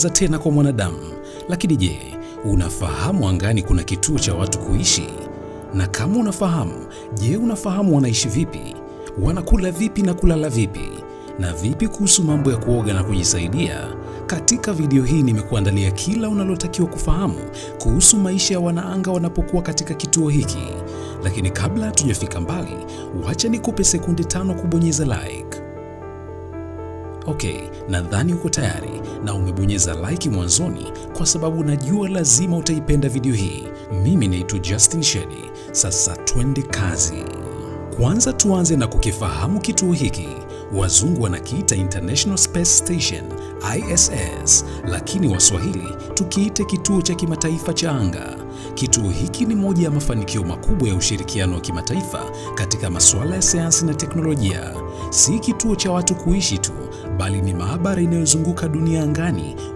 za tena kwa mwanadamu. Lakini je, unafahamu angani kuna kituo cha watu kuishi? Na kama unafahamu, je, unafahamu wanaishi vipi? Wanakula vipi na kulala vipi? Na vipi kuhusu mambo ya kuoga na kujisaidia? Katika video hii nimekuandalia kila unalotakiwa kufahamu kuhusu maisha ya wanaanga wanapokuwa katika kituo hiki. Lakini kabla hatujafika mbali, wacha nikupe sekunde tano kubonyeza like. Okay, nadhani uko tayari na umebonyeza like mwanzoni, kwa sababu najua lazima utaipenda video hii. Mimi naitwa Justin Shedi. Sasa twende kazi. Kwanza tuanze na kukifahamu kituo hiki. Wazungu wanakiita International Space Station ISS, lakini Waswahili tukiite kituo cha kimataifa cha anga. Kituo hiki ni moja ya mafanikio makubwa ya ushirikiano wa kimataifa katika masuala ya sayansi na teknolojia si kituo cha watu kuishi tu, bali ni maabara inayozunguka dunia angani